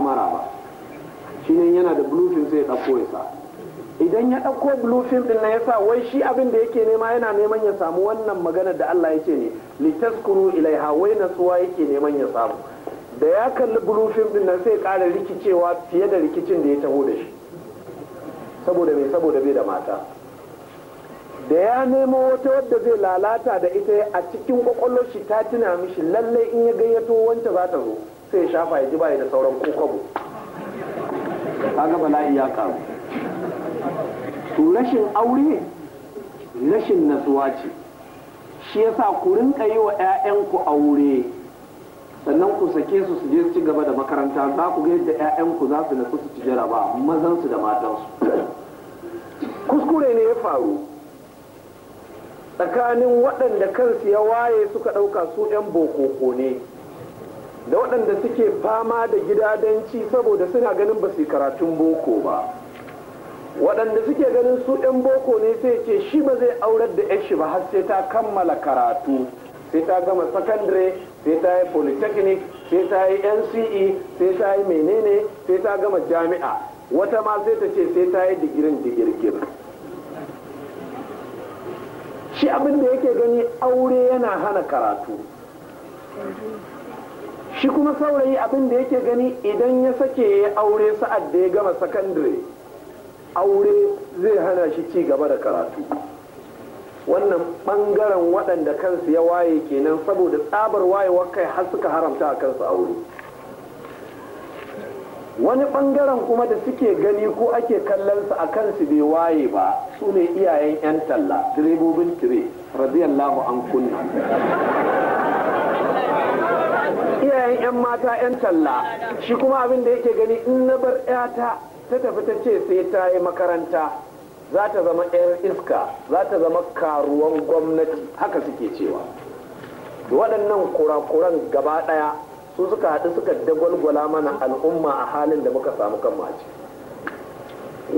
kamara ba shi ne yana da bluefin sai ya ɗauko ya sa idan ya ɗauko bluefin ɗin na ya sa wai shi abin da yake nema yana neman ya samu wannan maganar da Allah ya ce ne litaskuru ilaiha wai natsuwa yake neman ya samu da ya kalli bluefin ɗin na sai ƙara rikicewa fiye da rikicin da ya taho da shi saboda mai saboda bai da mata da ya nemo wata wadda zai lalata da ita a cikin kwakwalwar shi ta tuna mishi lallai in ya gayyato wancan za ta zo sai ya shafa ya ji bayi da sauran ko kwabo kaga bala'i ya karu to rashin aure rashin nasuwa ce shi yasa ku rinka yi wa 'ya'yanku aure sannan ku sake su su je ci gaba da makaranta za ku ga yadda 'ya'yanku za su nasu su ci jaraba mazansu da matansu kuskure ne ya faru tsakanin waɗanda kansu ya waye suka ɗauka su 'yan bokoko ne da waɗanda suke fama da gidadanci saboda suna ganin ba su karatun boko ba waɗanda suke ganin su ɗan boko ne sai ce shi ba zai aurar da yashi ba har sai ta kammala karatu sai ta gama sakandare sai ta yi polytechnic sai ta yi nce sai ta yi menene sai ta gama jami'a wata ma sai ta ce sai ta yi digirin digirgir shi abin da yake gani aure yana hana karatu shi kuma saurayi abin da yake gani idan ya sake ya aure sa'ad da ya gama sakandare aure zai hana shi ci gaba da karatu wannan bangaren waɗanda kansu ya waye kenan saboda tsabar wayewar kai har suka haramta a kansu aure wani bangaren kuma da suke gani ko ake kallon a kansu bai waye ba su ne iyayen 'yan talla direbobin tire radiyallahu an kunna iyayen 'yan mata 'yan talla shi kuma abin da yake gani in na bar 'yata ta tafi ta ce sai ta yi makaranta za ta zama 'yar iska za ta zama karuwan gwamnati haka suke cewa waɗannan kurakuran gaba ɗaya su suka haɗu suka dagwalgwala mana al'umma a halin da muka samu kan mace.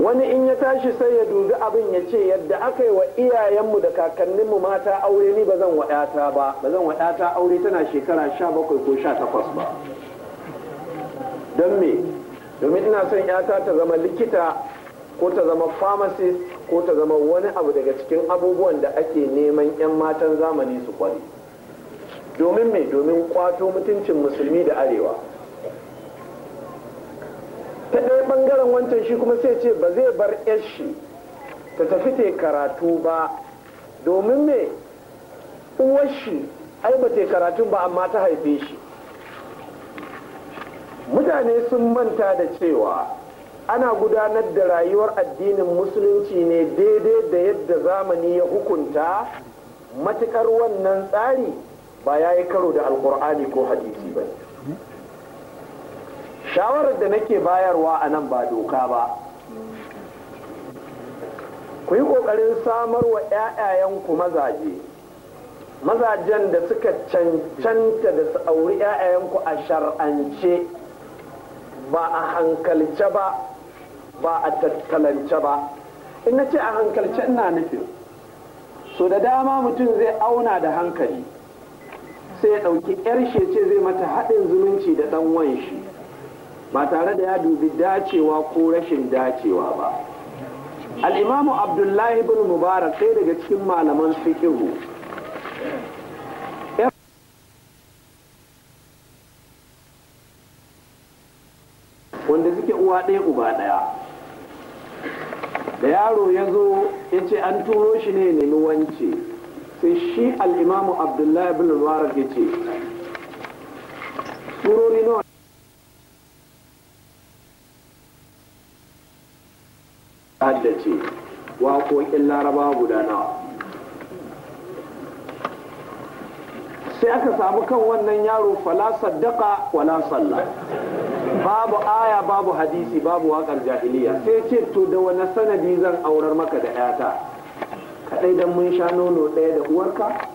wani in ya tashi sai ya dubi abin ya ce yadda aka yi wa iyayenmu da kakanninmu mata aure ni ba zan ta ba ba zan ta aure tana shekara sha bakwai ko sha takwas ba don me domin ina son yata ta zama likita ko ta zama pharmacist ko ta zama wani abu daga cikin abubuwan da ake neman 'yan matan zamani su kwari domin me domin kwato mutuncin musulmi da arewa ta ɗaya bangaren wancan shi kuma sai ce ba zai bar shi ta tafi ta karatu ba domin me uwar shi ai ba ta karatun ba amma ta haife shi mutane sun manta da cewa ana gudanar da rayuwar addinin musulunci ne daidai da yadda zamani ya hukunta matukar wannan tsari ba ya yi karo da alkur'ani ko hadisi ba ne shawarar da nake bayarwa a nan ba doka ba ku yi ƙoƙarin samar wa ku mazaje mazajen da suka cancanta da su auri ku a shar'ance ba a hankalce ba ba a tattalance ba in na ce a hankalce ina nufin so da dama mutum zai auna da hankali sai ya ɗauki 'yar ce zai mata haɗin zumunci da ɗan wanshi ba tare da ya dubi dacewa ko rashin dacewa ba al'imamu abdullahi bin mubarak sai daga cikin malaman fikihu wanda suke uwa ɗaya uba ɗaya da yaro ya zo ya ce an turo shi ne nemi wance sai shi al'imamu abdullahi bin mubarak ya ce turori nawa haddace waƙoƙin laraba guda nawa sai aka samu kan wannan yaro fala saddaka wala sallah babu aya babu hadisi babu waƙar jahiliya sai ce to da wani sanadi zan aurar maka da 'yata kaɗai don mun sha nono ɗaya da uwarka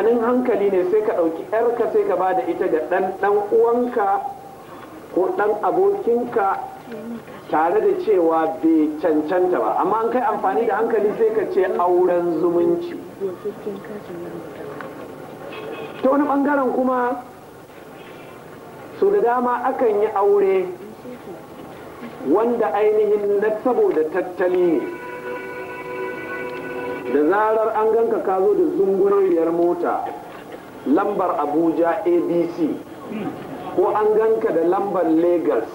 tunanin hankali ne sai ka ɗauki yarka sai ka ba da ita ga ɗan ɗan uwanka ko ɗan abokinka tare da cewa bai cancanta ba amma an kai amfani da hankali sai ka ce auren zumunci ta wani ɓangaren kuma su da dama akan yi aure wanda ainihin na saboda tattali ne da zarar an ganka ka zo da zungureriyar mota lambar abuja abc ko an ganka da lambar lagos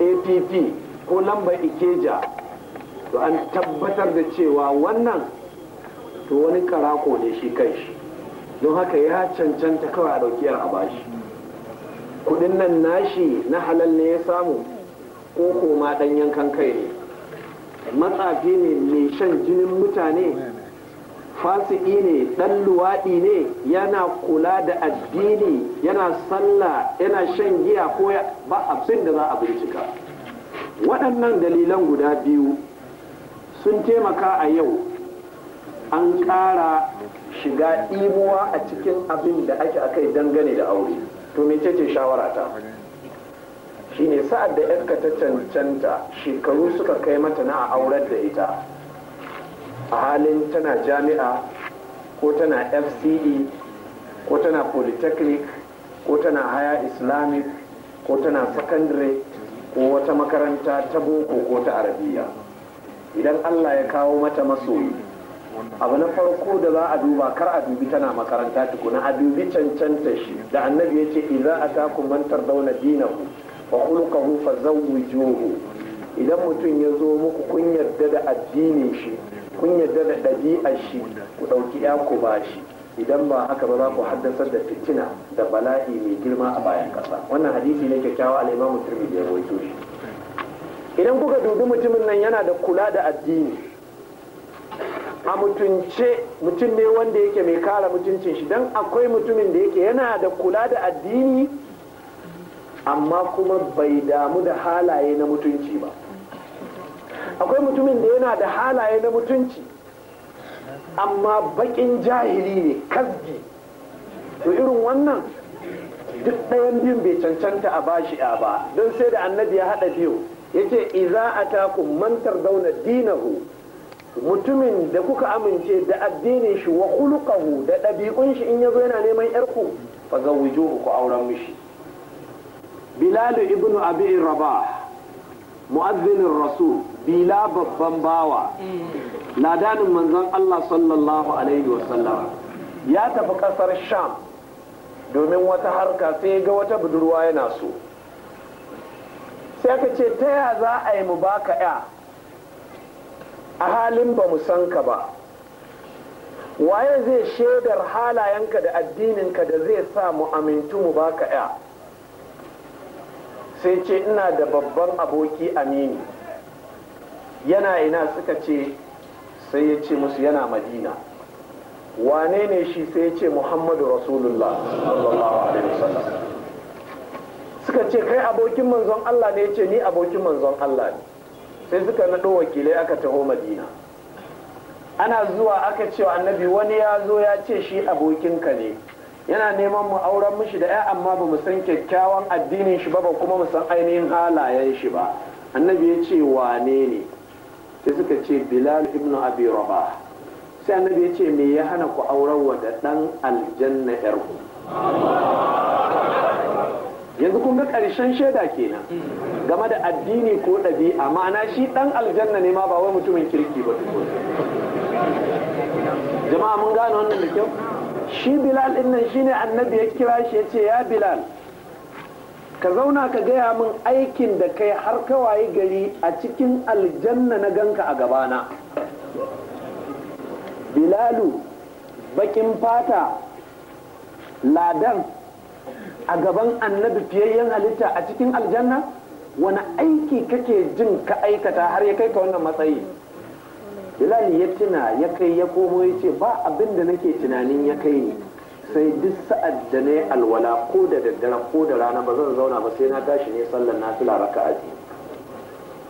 app ko lambar ikeja to an tabbatar da cewa wannan to wani karako ne shi kai shi don haka ya cancanta kawai a ɗauki a bashi kudin nan nashi na halal ne ya samu ko koma ɗanyen yankan kai ne matsafi ne mai shan jinin mutane fasiki ne ɗan luwaɗi ne yana kula da addini yana sallah yana shan giya ko ba abin da za a bincika waɗannan dalilan guda biyu sun taimaka a yau an ƙara shiga ɗimuwa a cikin abin da ake akai dangane da aure to ce shawara ta shine sa'ad da yarka ta cancanta shekaru suka kai mata na aurar da ita a halin tana jami'a ko tana fce ko tana polytechnic ko tana haya islamic ko tana secondary ko wata makaranta ta boko ko ta arabiya idan allah ya kawo mata masoyi abu na farko da za a duba kar a dubi tana makaranta tukuna a dubi cancanta shi da annabi ya ce iza a taku mantar dauna dinahu wa zan fazawwijuhu idan mutum ya zo muku kun yarda da addinin shi kun yarda da ɗabi'ar shi ku ɗauki ya ku ba shi idan ba haka ba za ku haddasar da fitina da bala'i mai girma a bayan ƙasa wannan hadisi ne kyakkyawa al'imamu turmi ya rawaito shi idan kuka dubi mutumin nan yana da kula da addini a mutunce mutum ne wanda yake mai kara mutuncin shi don akwai mutumin da yake yana da kula da addini amma kuma bai damu da halaye na mutunci ba akwai mutumin da yana da halaye na mutunci amma bakin jahili ne kasgi to irin wannan duk ɗayan biyun bai cancanta a bashi a ba don sai da annabi ya haɗa biyu ya ce iza a takun mantar dauna dinahu mutumin da kuka amince da addinin shi wa hulukahu da ɗabi'un shi in yazo yana neman yarku fa zawwijuhu ku auren mishi Bilalu, Ibnu abi rabah mu'azzinin rasul bila babban bawa ladanin manzon Allah sallallahu alaihi wasallam ya tafi ƙasar sham domin wata harka sai ga wata budurwa yana so sai ka ce ta ya za a yi mu baka ya a halin ba mu san ka ba waye zai shaidar halayenka da addininka da zai sa mu amintu mu baka ya sai ce ina da babban aboki amini yana ina suka ce sai ya ce musu yana madina wane ne shi sai ya ce muhammadu rasulullah sallallahu suka ce kai abokin manzon Allah ne ya ce ni abokin manzon Allah ne sai suka naɗo wakilai aka taho madina ana zuwa aka cewa annabi wani ya zo ya ce shi abokinka ne yana neman mu auren mishi da ya amma ba mu san kyakkyawan addinin shi ba ba kuma mu san ainihin halayen shi ba annabi ya ce wane ne sai suka ce bilal ibnu abi raba sai annabi ya ce me ya hana ku auren wa da dan aljanna 'yarku yanzu kun ga ƙarshen shaida kenan game da addini ko ɗabi'a ma'ana shi dan aljanna ne ma ba wai mutumin kirki ba jama'a mun gane wannan da kyau shi bilal din nan shine annabi ya kira shi ya ce ya bilal ka zauna ka gaya min aikin da kai har ka wayi gari a cikin aljanna na ganka a gabana bilalu bakin fata ladan a gaban annabi fiyayyen halitta a cikin aljanna wani aiki kake jin ka aikata har ya kai ka wannan matsayi bilal ya tuna ya kai ya komo ya ce ba abin da nake tunanin ya kai ni sai duk sa'ad da na yi alwala ko da daddare ko da rana ba zan zauna ba sai na tashi ne sallar nafila raka'a aji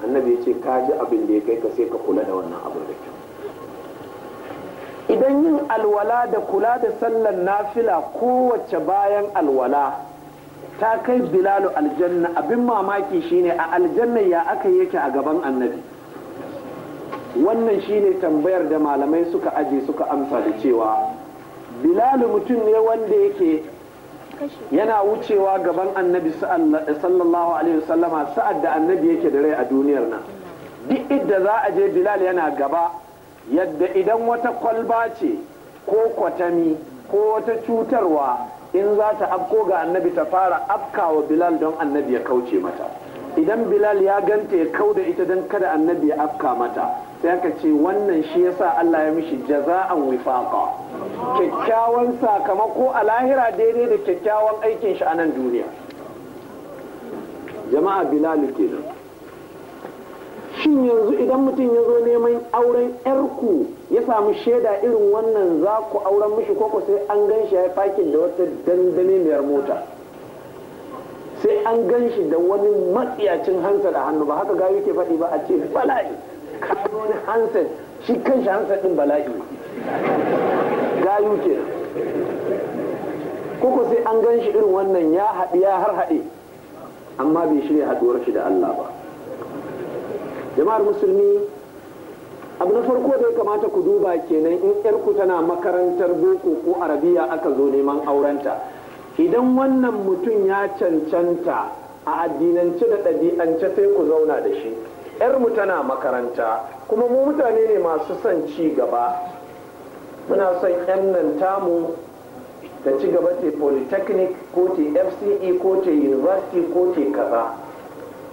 annabi ya ce ka ji abin da ya kai ka sai ka kula da wannan abin da kyau idan yin alwala da kula da sallar nafila kowace bayan alwala ta kai bilalu aljanna abin mamaki shine a aljanna ya aka yake a gaban annabi wannan shine tambayar da malamai suka aje suka amsa da cewa Bilal mutum ne wanda yake yana wucewa gaban annabi sallallahu alaihi wasallama sa'ad da annabi yake da rai a duniyar nan duk idda za a je bilal yana gaba yadda idan wata kwalba ce ko kwatami ko wata cutarwa in za ta afko ga annabi ta fara afkawa bilal don annabi ya kauce mata idan bilal ya ganta ya kau da ita don kada annabi ya afka mata sai aka ce wannan shi ya sa Allah ya mishi jaza'an wifaqa kyakkyawan sakamako a lahira daidai da kyakkyawan aikin shi a nan duniya jama'a bilal nan shin yanzu idan mutum ya zo neman auren yarku ya samu shaida irin wannan za ku auren mishi koko sai an gan shi ya fakin da wata dandalemiyar mota sai an gan shi da wani matsiyacin hansa da hannu ba haka gayu ke faɗi ba a ce bala'i kawo wani hanset shi kan shi hansen din bala'i gayu ke kuku sai an gan shi irin wannan ya haɗi ya har haɗe amma bai shirya haɗuwar shi da Allah ba jama'ar musulmi abu na farko da ya kamata ku duba kenan in yarku tana makarantar boko ko arabiya aka zo neman aurenta idan wannan mutum ya cancanta a addinance da ɗabi'ance sai ku zauna da shi yarmu tana makaranta kuma mu mutane ne masu son ci gaba muna son yan nan tamu ta ci gaba ce polytechnic ko ce fce ko ce university ko ce kaza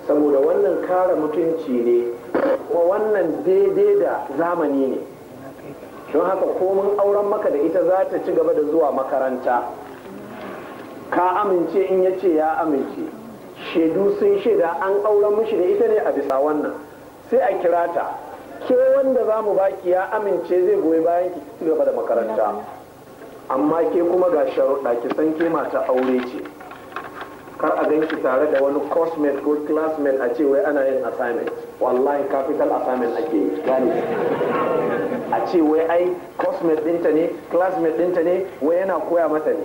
saboda wannan kara mutunci ne kuma wannan daidai da zamani ne don haka komin auren maka da ita za ta ci gaba da zuwa makaranta ka amince in ya ce ya amince shaidu sun shaida an auren mishi da ita ne a bisa wannan sai a kira ta ke wanda za mu baki ya amince zai goyi bayan ki ci gaba da makaranta amma ke kuma ga sharuɗa ki san ke mata aure ce kar a ganki tare da wani cosmet ko classmate a ce wai ana yin assignment wallahi capital assignment ake gani a ce wai ai cosmet ɗinta ne classmate ɗinta ne wai yana koya mata ne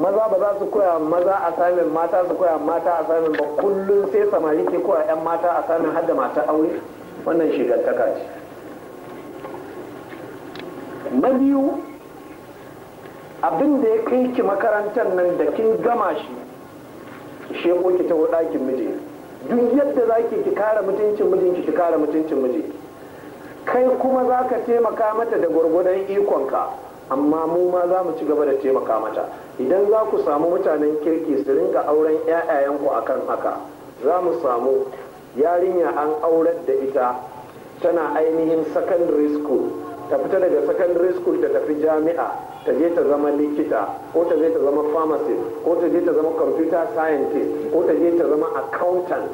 maza ba za su koya maza a samun mata su koya mata a samun ba kullum sai samari ke koya 'yan mata a samun har da mata aure wannan shigantaka ce na biyu abin da ya kai ki makarantar nan da kin gama shi sheko ki ta ɗakin miji duk yadda za ki kare mutuncin mijinki ki kare mutuncin miji kai kuma za ka taimaka mata da gwargwadon ikonka amma mu ma za mu ci gaba da taimaka mata idan za ku samu mutanen kirki su rinka auren 'ya'yayanku akan haka za mu samu yarinya an aurar da ita tana ainihin secondary school ta fita daga secondary school ta tafi jami'a ta je ta zama likita ko ta je ta zama pharmacist ko ta je ta zama computer scientist ko ta je ta zama accountant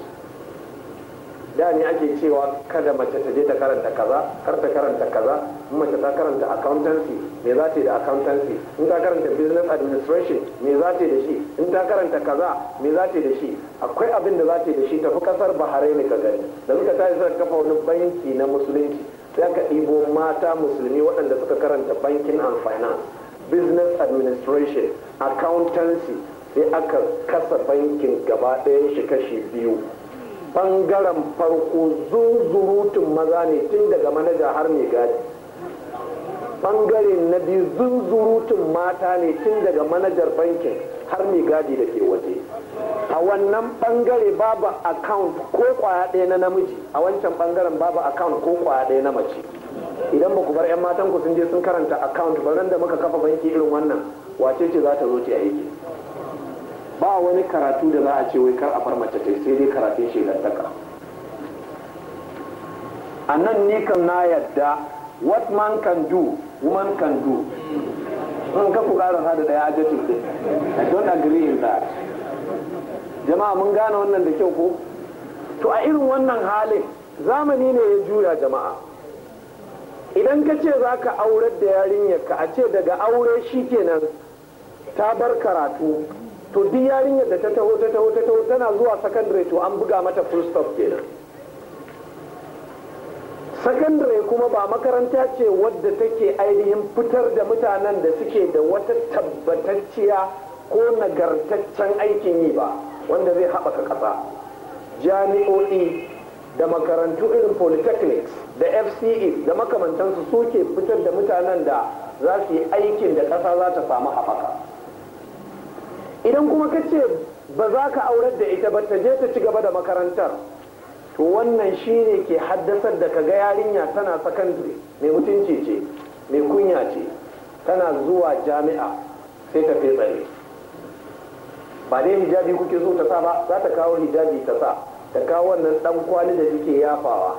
da ne ake cewa kada mace ta je ta karanta kaza kar ta karanta kaza in mace ta karanta accountancy me za ta yi da accountancy in ta karanta business administration me za ta yi da shi in ta karanta kaza me za ta yi da shi akwai abin da za ta yi da shi tafi kasar ne ka gani da muka tashi suka kafa wani banki na musulunci sai aka ɗibo mata musulmi waɗanda suka karanta banking and finance business administration accountancy sai aka kasa bankin gaba ɗayan shi kashi biyu bangaren farko zunzurutun maza ne tun daga manaja har mai gadi bangare na biyu zunzurutun mata ne tun daga manajar bankin har mai gadi da ke waje a wannan bangare babu account ko kwaya ɗaya na namiji a wancan bangaren babu account ko kwaya ɗaya na mace idan ba ku bar 'yan matan ku sun je sun karanta account ba da muka kafa banki irin wannan wace ce za ta zo ta aiki ba wani karatu da za a ce wai kar a bar mace ta sai dai karatun shegantaka a nan ni kan na yadda what man can do woman can do in ka ku hada da daya adjective i don't agree in that jama'a mun gane wannan da kyau ko to a irin wannan halin zamani ne ya juya jama'a idan ka ce za ka aurar da yarinyar ka, a ce daga aure shi kenan ta bar karatu to duk yarinyar da ta taho ta taho ta taho tana zuwa secondary to an buga mata full stop kenan secondary kuma ba makaranta ce wadda take ainihin fitar da mutanen da suke da wata tabbatacciya ko nagartaccen aikin yi ba wanda zai haɓaka ƙasa jami'o'i da makarantu irin polytechnics da fce da makamantansu suke fitar da mutanen da za su yi aikin da ƙasa za ta samu haɓaka idan kuma ka ce ba za ka aurar da ita ba ta je ta ci gaba da makarantar to wannan shine ke haddasar da ka ga yarinya tana sakandare mai mutunci ce mai kunya ce tana zuwa jami'a sai ta ne. ba dai hijabi kuke so ta sa ba za ta kawo hijabi ta sa ta kawo wannan dan kwali da take yafawa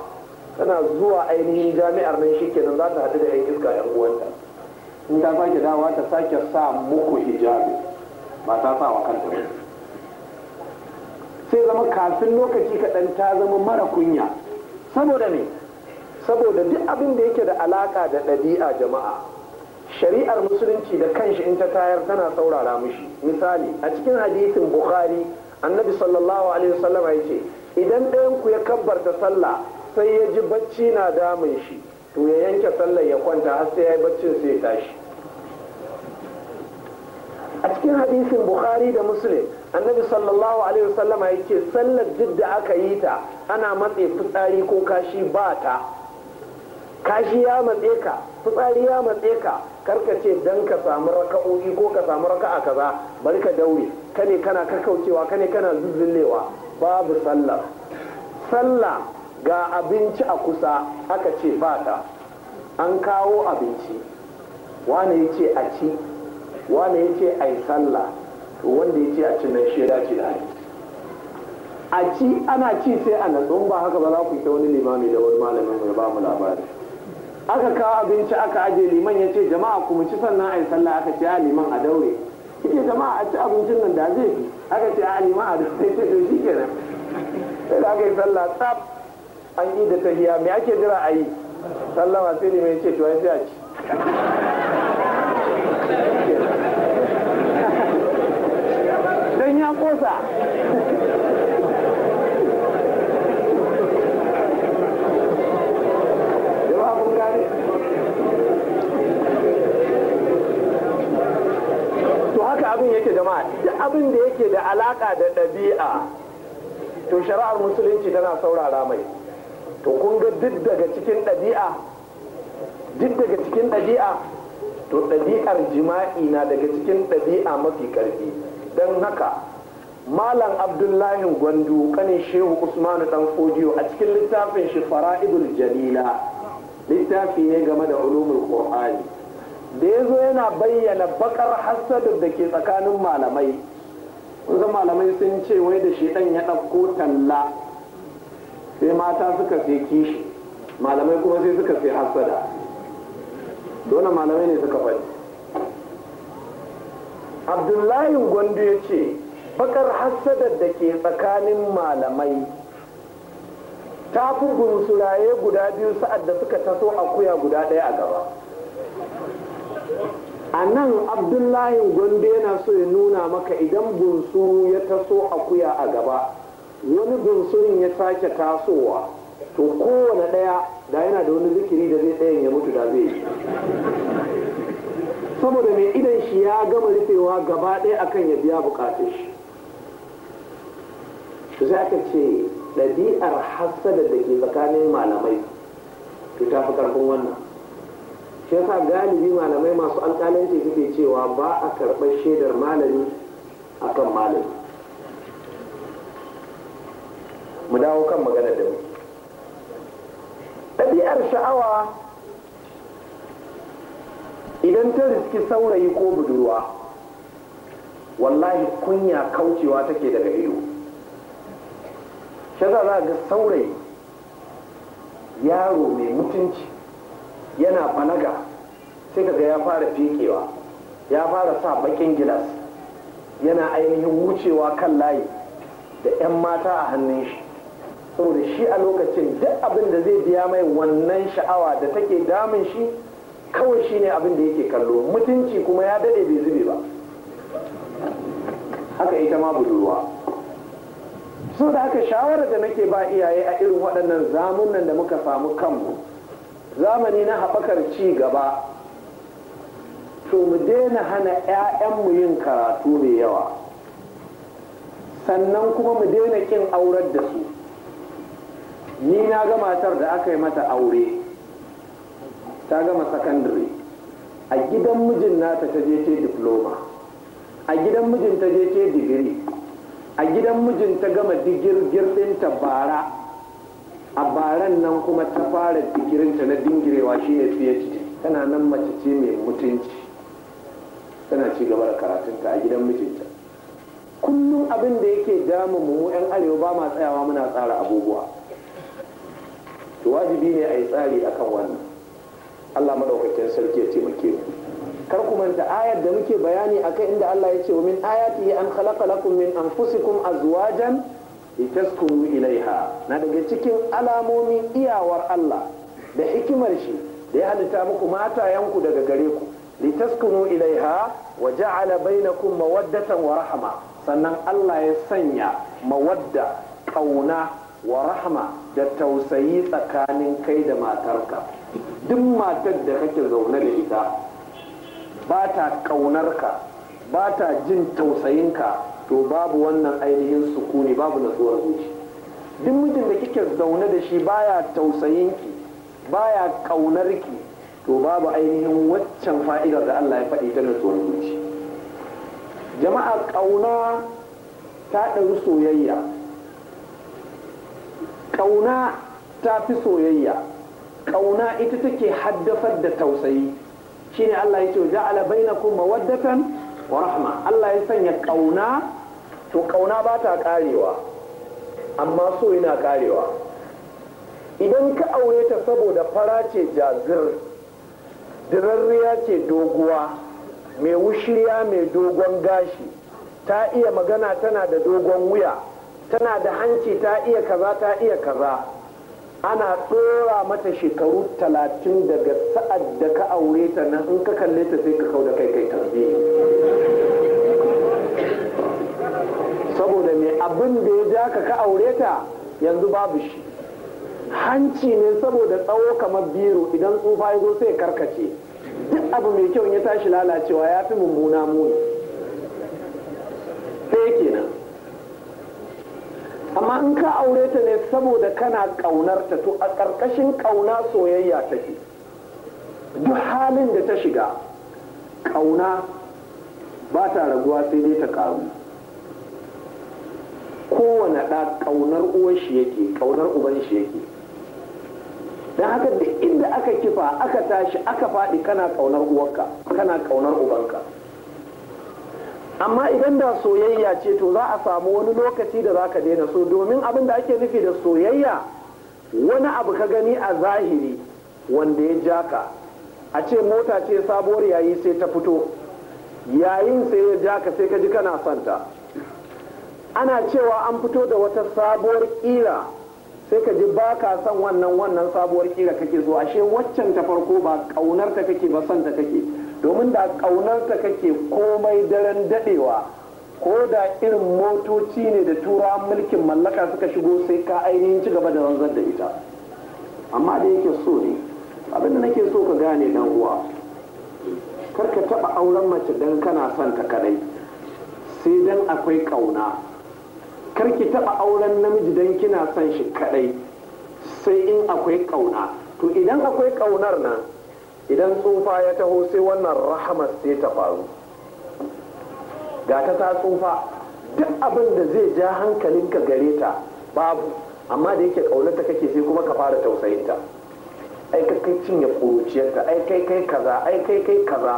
tana zuwa ainihin jami'ar nan shi kenan za ta haɗu da yan iska yan uwanta in ta sake dawa ta sake sa muku hijabi ba ta sa wa kanta ba sai zama kafin lokaci kaɗan ta zama mara kunya saboda ne saboda duk abin da yake da alaka da ɗabi'a jama'a shari'ar musulunci da kanshi in ta tayar tana saurara mushi misali a cikin hadisin bukhari annabi sallallahu alaihi wasallam ya ce idan ɗayan ku ya kabbarta sallah sai ya ji bacci na damun shi to ya yanke Sallah ya kwanta har sai ya yi baccin sai ya tashi a cikin hadisin bukhari da muslim annabi sallallahu alaihi wasallama ya ce sallar duk da aka yi ta ana matse fitsari ko kashi ba ta kashi ya matse ka fitsari ya matse ka karka ce dan ka samu raka'o'i ko ka samu raka'a kaza bari ka daure kane kana kakaucewa kane kana zuzzullewa babu sallar sallah ga abinci a kusa aka ce ba ta an kawo abinci wani ya ce a ci wanda ya ce a yi sallah to wanda ya ce a cin nan shi dace da hali a ci ana ci sai a natsun ba haka ba za ku ta wani limami da wani malamin mai ba mu labari aka kawo abinci aka aje liman ya ce jama'a kuma ci sannan a yi sallah aka ce a liman a daure kike jama'a a ci abincin nan da zai aka ce a liman a daure ce to shi kenan sai da aka yi sallah tsaf an yi da tahiya me ake jira a yi sai liman ya ce to sai a ci hannunsa to yake abin da yake da alaka da ɗabi'a to shari'ar musulunci tana saurara mai to kun ga duk daga cikin ɗabi'a duk daga cikin ɗabi'a to ɗabi'ar jima'i na daga cikin ɗabi'a mafi ƙarfi don haka malam abdullahi gwandu kanin shehu usmanu dan fodiyo a cikin littafin shi fara'idul jalila littafi ne game da ulumul qur'ani da ya zo yana bayyana bakar hassadin da ke tsakanin malamai kusan malamai sun ce wai da shi dan ya ɗauko talla sai mata suka fi kishi malamai kuma sai suka fi hassada dole malamai ne suka faɗi abdullahi gwandu ya ce bakar hassadar da ke tsakanin malamai ta fi gunsuraye guda biyu sa'ad da suka taso akuya guda ɗaya a gaba a nan abdullahi gwande yana so ya nuna maka idan bunsuru ya taso akuya a gaba wani gunsurin ya sake tasowa to kowane ɗaya da yana da wani zikiri da zai ɗayan ya mutu da zai yi saboda mai idan shi ya gama rufewa gaba ɗaya akan ya biya bukatun shi to sai aka ce ɗabi'ar hassada da ke tsakanin malamai to ta fi karfin wannan shi yasa galibi malamai masu alƙalanci suke cewa ba a karɓar shaidar malami akan malami mu dawo kan magana da mu ɗabi'ar sha'awa idan ta riski saurayi ko budurwa wallahi kunya kaucewa take daga ido shi za ga saurayi yaro mai mutunci yana fanaga sai kaga ya fara fekewa ya fara sa bakin gilas yana ainihin wucewa kan layi da 'yan mata a hannun shi saboda shi a lokacin duk abin da zai biya mai wannan sha'awa da take damun shi kawai shi ne abin da yake kallo mutunci kuma ya dade bai zube ba haka ita ma budurwa so da haka shawarar da nake ba iyaye a irin waɗannan zamunan da muka samu kanmu zamani na haɓakar ci gaba to mu daina hana 'ya'yanmu yin karatu mai yawa sannan kuma mu daina kin aurar da su ni na ga matar da aka yi mata aure ta gama sakandare a gidan mijin nata ta je ce diploma a gidan mijin ta je ce digiri a gidan mijin ta gama digirgir bara a baran nan kuma ta fara digirinta na dingirewa shi fiye phd tana nan mace ce mai mutunci tana ci gaba da karatunta a gidan mijinta kullum abin da yake damu mu 'yan arewa ba ma tsayawa muna tsara abubuwa to wajibi ne a yi tsari akan wannan allah madaukakin sarki ya taimake mu kar ku manta ayar da muke bayani akai inda Allah ya ce min ayati an khalaqa lakum min anfusikum azwajan litaskunu ilaiha na daga cikin alamomi iyawar Allah da hikimar shi da ya halitta muku mata yanku daga gare ku litaskunu ilaiha wa ja'ala bainakum mawaddatan wa rahama sannan Allah ya sanya mawadda kauna wa rahma da tausayi tsakanin kai da matarka duk matar da kake zaune da ita ba ta ƙaunarka ba ta jin tausayinka to babu wannan ainihin sukuni babu natsuwar zuci duk mijin da kike zaune da shi baya tausayin ki baya ƙaunarki to babu ainihin waccan fa'idar da Allah ya faɗi ta natsuwar zuci jama'a ƙauna ta ɗari soyayya ƙauna ta fi soyayya ƙauna ita take haddafar da tausayi shine Allah ya ce ja'ala bainakum mawaddatan wa rahma Allah ya sanya kauna to kauna ba ta karewa amma so yana karewa idan ka aure ta saboda fara ce jazir dirarriya ce doguwa mai wushiriya mai dogon gashi ta iya magana tana da dogon wuya tana da hanci ta iya kaza ta iya kaza ana tsora mata shekaru talatin daga sa'ad da ka aure ta nan in ka kalle ta sai ka kau da kai kai saboda mai abin da ya ja ka ka aure ta yanzu babu shi hanci ne saboda tsawo kamar biro idan tsufa ya zo sai karkace duk abu mai kyau ya tashi lalacewa ya fi mummuna muni sai kenan amma in ka aure ta ne saboda kana ƙaunar ta to a ƙarƙashin ƙauna soyayya take duk halin da ta shiga ƙauna ba ta raguwa sai dai ta ƙaru kowane ɗa ƙaunar uwan shi yake ƙaunar uban shi yake don haka duk inda aka kifa aka tashi aka faɗi kana ƙaunar uwanka. kana ƙaunar ubanka amma idan da soyayya ce to za a samu wani lokaci da za ka daina so domin abin da ake nufi da soyayya wani abu ka gani a zahiri wanda ya ja ka a ce mota ce sabuwar yayi sai ta fito yayin sai ya ja ka sai ka ji kana santa ana cewa an fito da wata sabuwar kira sai ka ji ba ka son wannan wannan sabuwar kira kake so ashe waccan ta farko ba kaunar ta kake ba santa ta kake domin da ƙaunarta kake komai daren daɗewa ko da irin motoci ne da tura mulkin mallaka suka shigo sai ka ainihin ci gaba da ranzar da ita amma da yake so ne abinda nake so ka gane dan uwa kar ka taɓa auren mace dan kana son ta kadai sai dan akwai ƙauna kar ki taɓa auren namiji dan kina son shi kadai sai in akwai ƙauna to idan akwai ƙaunar nan idan tsufa ya taho sai wannan rahamar sai ta faru ga ta ta tsufa duk abin da zai ja hankalinka gare ta babu amma da yake ƙaunarta kake sai kuma ka fara tausayinta ai kai cinye ƙuruciyarta ai kai kai kaza ai kai kai kaza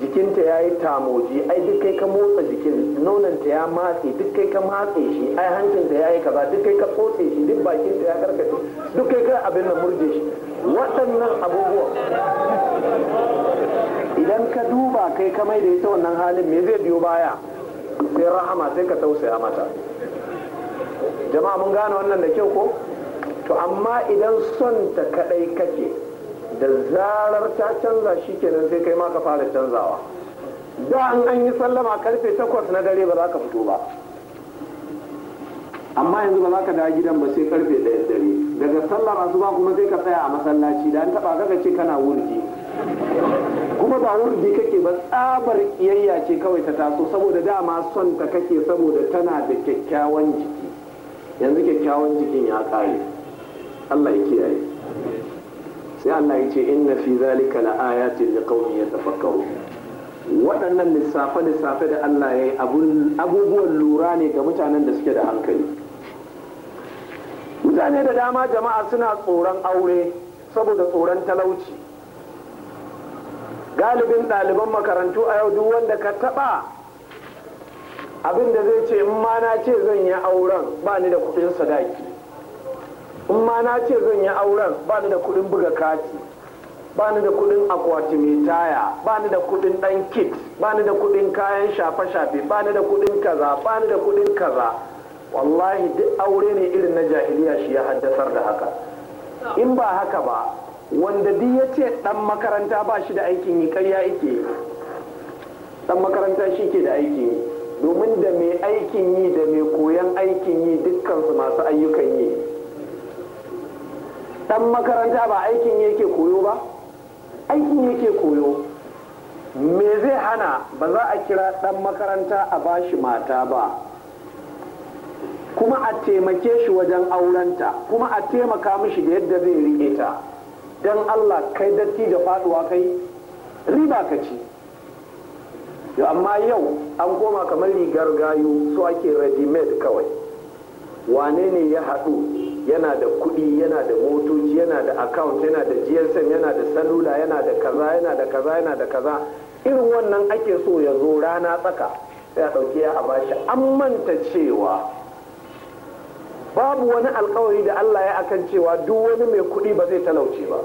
jikinta ya yi tamoji ai duk kai ka motsa jikin nonanta ya matse duk kai ka matse shi ai hankinta ya yi kaza duk kai ka tsotse shi duk bakinta ya karkace duk kai ka abin da murje shi waɗannan abubuwa idan ka duba kai ka mai da ita wannan halin me zai biyo baya sai rahama sai ka tausaya mata jama'a mun gane wannan da kyau ko to amma idan son ta kadai kake da zarar ta canza shi kenan sai kai ma ka fara canzawa da an an yi sallama karfe takwas na dare ba za ka fito ba amma yanzu ba za ka dawo gidan ba sai karfe ɗaya dare daga sallar asuba kuma sai ka tsaya a masallaci da an taba ka ce kana wurdi kuma ba wurgi kake ba tsabar kiyayya ce kawai ta taso saboda dama son ta kake saboda tana da kyakkyawan jiki yanzu kyakkyawan jikin ya kare Allah ya kiyaye sai Allah ya ce inna fi zalika la ayatin li qaumin yatafakkaru waɗannan lissafe lissafe da Allah ya yi abubuwan lura ne ga mutanen da suke da hankali mutane da dama jama'a suna tsoron aure saboda tsoron talauci galibin ɗaliban makarantu a yau duk wanda ka taɓa abin da zai ce in ma na ce zan yi auren ba ni da kuɗin sadaki in ma na ce zan yi auren ba ni da kuɗin buga kati ba ni da kuɗin akwati mai taya ba ni da kuɗin ɗan kit ba ni da kuɗin kayan shafe-shafe ba ni da kuɗin kaza ba ni da kuɗin kaza wallahi duk aure ne irin na jahiliya shi ya haddasar da haka in ba haka ba wanda duk ya ce ɗan makaranta ba shi da aikin yi karya ike ɗan makaranta shi ke da aikin yi domin da mai aikin yi da mai koyan aikin yi dukkansu masu ayyukan yi dan makaranta ba aikin yake koyo ba aikin yake koyo me zai hana ba za a kira dan makaranta a bashi mata ba kuma a taimake shi wajen aurenta kuma a taimaka mishi da yadda zai rike ta don allah kai datti da faduwa kai riba ka ci amma yau an koma kamar rigar gayu su ake ready made kawai wane ne ya haɗu yana da kuɗi yana da motoci yana da account yana da gsm yana da salula yana da kaza yana da kaza yana da kaza irin wannan ake so ya zo rana tsaka sai a ɗauki ya a bashi an manta cewa babu wani alkawari da Allah ya akan cewa duk wani mai kuɗi ba zai talauce ba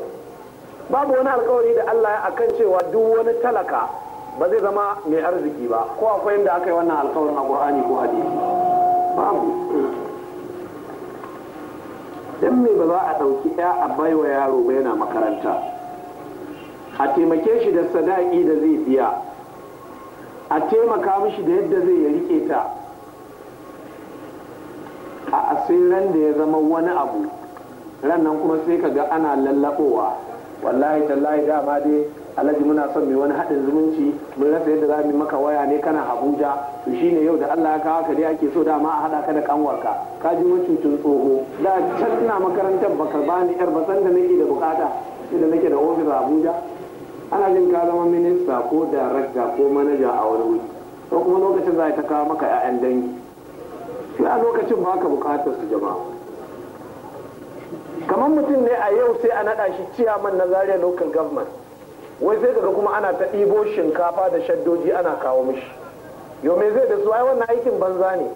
babu wani alkawari da Allah ya akan cewa duk wani talaka ba zai zama mai arziki ba ko akwai inda aka yi wannan alkawarin a Qur'ani ko hadisi babu don mai ba za a ɗauki ya a baiwa yaro ba yana makaranta a taimake shi da sadaki da zai biya a taimaka mishi da yadda zai ya rike ta a asirin da ya zama wani abu rannan kuma sai ka ga ana lallaɓowa wallahi tallahi dama dai alhaji muna son mai wani haɗin zumunci mun rasa yadda za mu maka waya ne kana Abuja to ne yau da Allah ya kawo ka dai ake so dama a haɗa ka da kanwarka ka ji mutuncin tsoho da can ina makarantar baka bani yar basan da nake da bukata da nake da ofis a Abuja ana jin ka zama minista ko darakta ko manaja a wani wuri ko kuma lokacin za ta kawo maka 'ya'yan dangi sai a lokacin ba ka bukatar su jama'a kamar mutum ne a yau sai a naɗa shi ciyaman na Zariya local government wai sai daga kuma ana ta ɗibo shinkafa da shaddoji ana kawo mishi yau me zai da su ai wannan aikin banza ne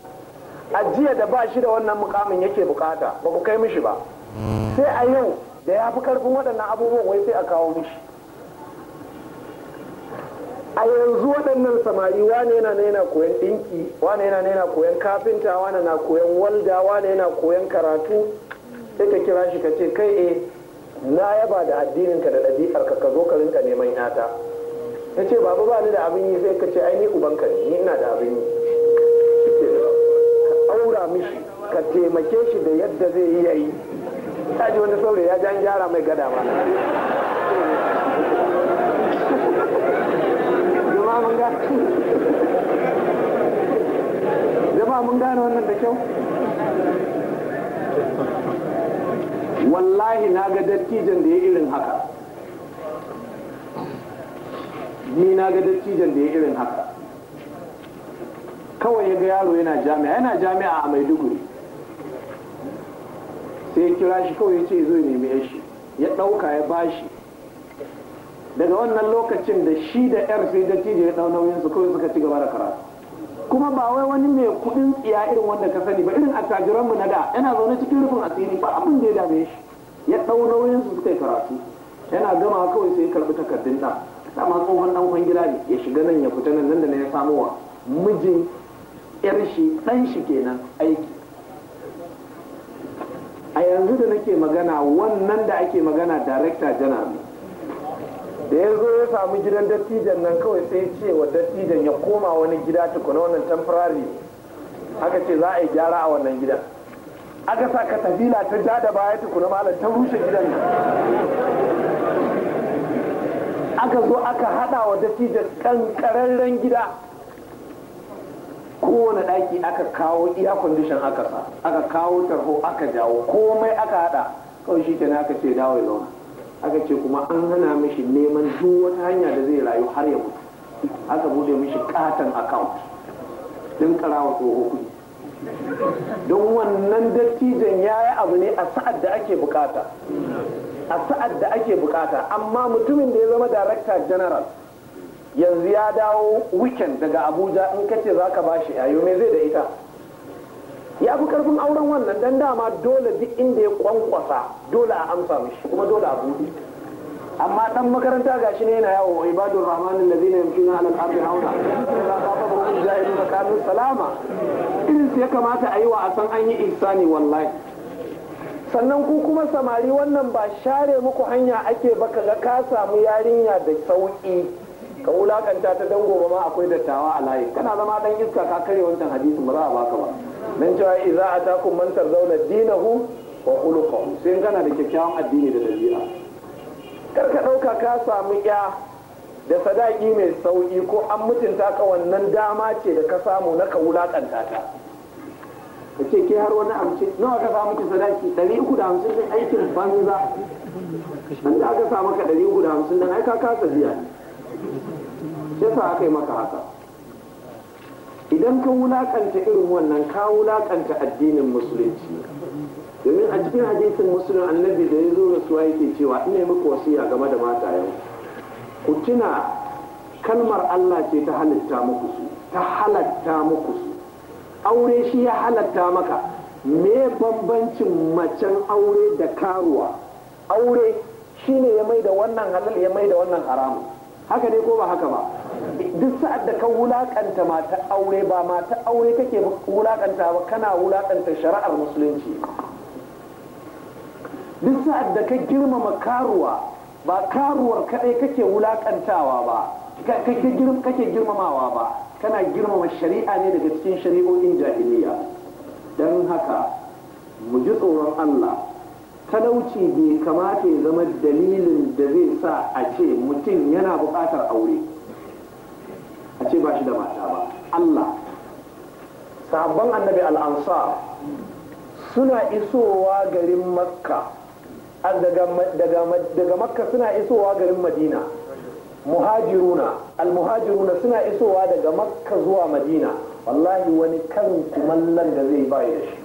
ajiya da ba shi da wannan mukamin yake bukata ba ku kai mishi ba sai a yau da ya fi karfin waɗannan abubuwan wai sai a kawo mishi a yanzu waɗannan samari wane yana na yana koyan ɗinki wane yana na yana koyan kafinta wane na koyan walda wane yana koyan karatu sai ka kira shi ka ce kai eh na yaba da addininka da ɗabi'arka ka zo ka rinka neman yata ta ce babu ba ni da abin yi sai ka ce ai ni ubanka ne ni ina da abin yi ka aura mishi ka taimake shi da yadda zai yi yayi ta ji wani saurayi ya jan gyara mai gada ma jama'a mun gane wannan da kyau wallahi na ga dattijan da ya irin haka ni na ga dattijan da ya irin haka kawai ya ga yaro yana jami'a yana jami'a a maiduguri sai kira shi kawai ya ce zo nemi ya shi ya ɗauka ya bashi daga wannan lokacin da shi da yar sai dattijan ya ɗau nauyinsu kawai suka ci gaba da karatu kuma ba wai wani mai kudin tsiya irin wanda ka sani ba irin attajiranmu na da yana zaune cikin rufin asiri ba abin da ya dame shi ya ɗau nauyin su suka karatu yana gama kawai sai ya karɓi takardun ta dama tsohon ɗan kwangila ne ya shiga nan ya fita nan nan da na ya samo wa mijin yar shi ɗan shi kenan aiki a yanzu da nake magana wannan da ake magana director general da ya zo ya samu gidan dattijan nan kawai sai ya ce wa dattijan ya koma wani gida tukuna wannan temporary aka ce za a yi gyara a wannan gidan aka sa katafila ta ja da baya tukuna malam ta rushe gidan aka zo aka hada wa dattijan ƙanƙararren gida kowane daki aka kawo iya kwandishan aka sa aka kawo tarho aka jawo komai aka hada kawai shi ke aka ce dawo ya aka ce kuma an hana mishi neman duk wata hanya da zai rayu har ya mutu aka bude mishi katon account din karawa tsoho kudi don wannan dattijan ya yi abu ne a sa'ad da ake bukata a sa'ad da ake bukata amma mutumin da ya zama director general yanzu ya dawo weekend daga abuja in kace za ka bashi yayo me zai da ita ya fi karfin auren wannan dan dama dole duk inda ya kwankwasa dole a amsa mishi kuma dole a buɗe amma dan makaranta gashi ne yana yawo wa ibadur rahman allazina yamshuna ala al-ardi hauna la salama irin ya kamata a yi wa a san an yi ihsani wallahi sannan ku kuma samari wannan ba share muku hanya ake baka, ga ka samu yarinya da sauki ka wulakanta ta dango ba ma akwai dattawa a layi kana zama dan iska ka karya wancan hadisin ba za a baka ba nan cewa idza atakum man tarzawna dinahu wa khuluquhu sai kana da kyakkyawan addini da dabi'a kar ka dauka ka samu ya da sadaki mai sauki ko an mutunta ka wannan dama ce da ka samu na ka wulakanta ta ka ce ke har wani amce nawa ka samu ki sadaki 350 din aikin banza an da aka samu ka 350 din ai ka kasa biya ne shi sa aka yi maka haka idan ka wulakanta irin wannan ka wulakanta addinin musulunci domin a cikin hadisin musulun annabi da ya zo da suwa yake cewa ina yi muku wasiya game da mata yau, ku tuna kalmar Allah ce ta halitta muku su ta halatta muku su aure shi ya halatta maka me bambancin macen aure da karuwa aure shine ya mai da wannan halal ya mai da wannan haramu haka ne ko ba haka ba duk sa'ad da ka wulakanta mata aure ba mata aure kake wulakanta ba kana wulakanta shari'ar musulunci duk sa'ad da ka girmama karuwa ba karuwar kadai kake wulakantawa ba kake girmamawa ba kana girmama shari'a ne daga cikin shari'o'in jahiliya don haka mu ji tsoron Allah talauci bai kamata ya zama dalilin da zai sa a ce mutum yana buƙatar aure. ce ba shi da mata ba Allah sahabban annabi al'ansa suna isowa garin makka daga makka suna isowa garin madina muhajiruna al muhajiruna suna isowa daga makka zuwa madina wallahi wani karin kumallon da zai bayi da shi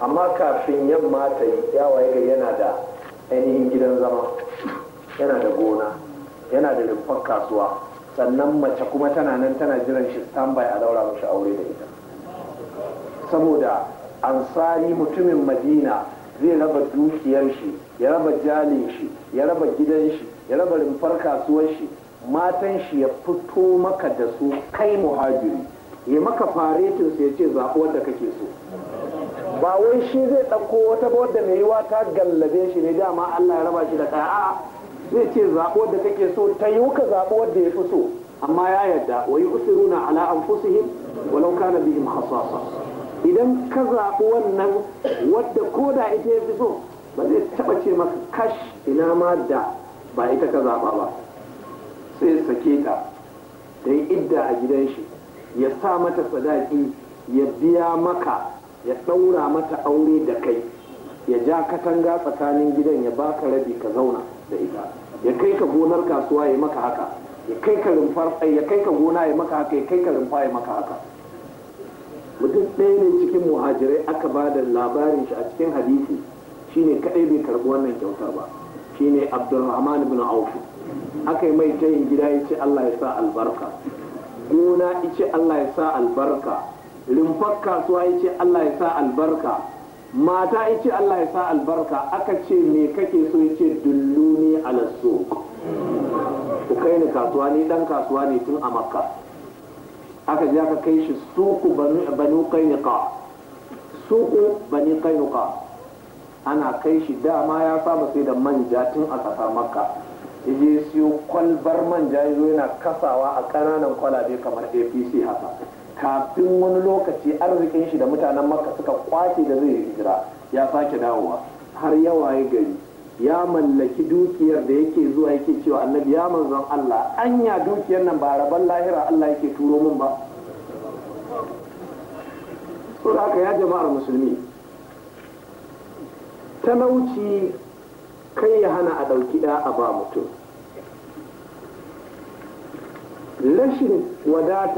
amma kafin yamma ta yi yawaye gari yana da ainihin gidan zama yana da gona yana da rumfar kasuwa sannan mace kuma tana nan tana jiran shi standby a daura mashi aure da ita saboda ansari mutumin madina zai raba dukiyar shi ya raba jalin shi ya raba gidan shi ya raba rumfar kasuwar shi matan shi ya fito maka da su kai muhajiri ya maka faretin su ya ce zaɓuwar da kake so ba wai shi zai ɗauko wata wadda mai yiwa ta gallabe shi ne dama Allah ya raba shi da kaya a'a zai ce zaɓo da kake so ta yi ka zaɓo da ya fi so amma ya yarda wa yusiruna ala anfusihim walau kana bihim hasasa idan ka zaɓo wannan wadda ko da ita ya fi so ba zai taɓa ce maka kash ina ma da ba ita ka zaɓa ba sai sake ta ta yi idda a gidan shi ya sa mata sadaki ya biya maka ya ɗaura mata aure da kai ya ja katanga tsakanin gidan ya baka rabi ka zauna da ita ya kai ka gonar kasuwa ya maka haka ya kai ka rumfar eh, ya kai ka gona ya maka haka ya kai ka rumfa ya maka haka mutum ɗaya ne cikin muhajirai aka ba da labarin shi a cikin hadisi shine kaɗai bai karɓi wannan kyautar ba shine abdulrahman ibn auf aka yi mai tayin gida ya ce allah ya sa albarka gona ya ce allah ya sa albarka rumfar kasuwa ya ce allah ya sa albarka mata ya ce Allah ya sa albarka aka ce me kake so ya ce dulluni ala ku kai ni kasuwa ni dan kasuwa ne tun a makka aka je aka kai shi suku banu kainuka suku ni kainuka ana kai shi dama ya saba sai da manja tun a kasa makka je siyo kwalbar manja yanzu yana kasawa a kananan kwalabe kamar apc haka kafin wani lokaci arzikin shi da mutanen maka suka kwace da zai hijira ya sake dawowa har yawa ya gari ya mallaki dukiyar da yake zuwa yake cewa annabi ya manzon Allah anya dukiyar nan ba rabon lahira Allah yake turo min ba so da haka ya jama'ar musulmi talauci kai ya hana a ɗauki ɗa a ba mutum rashin wadata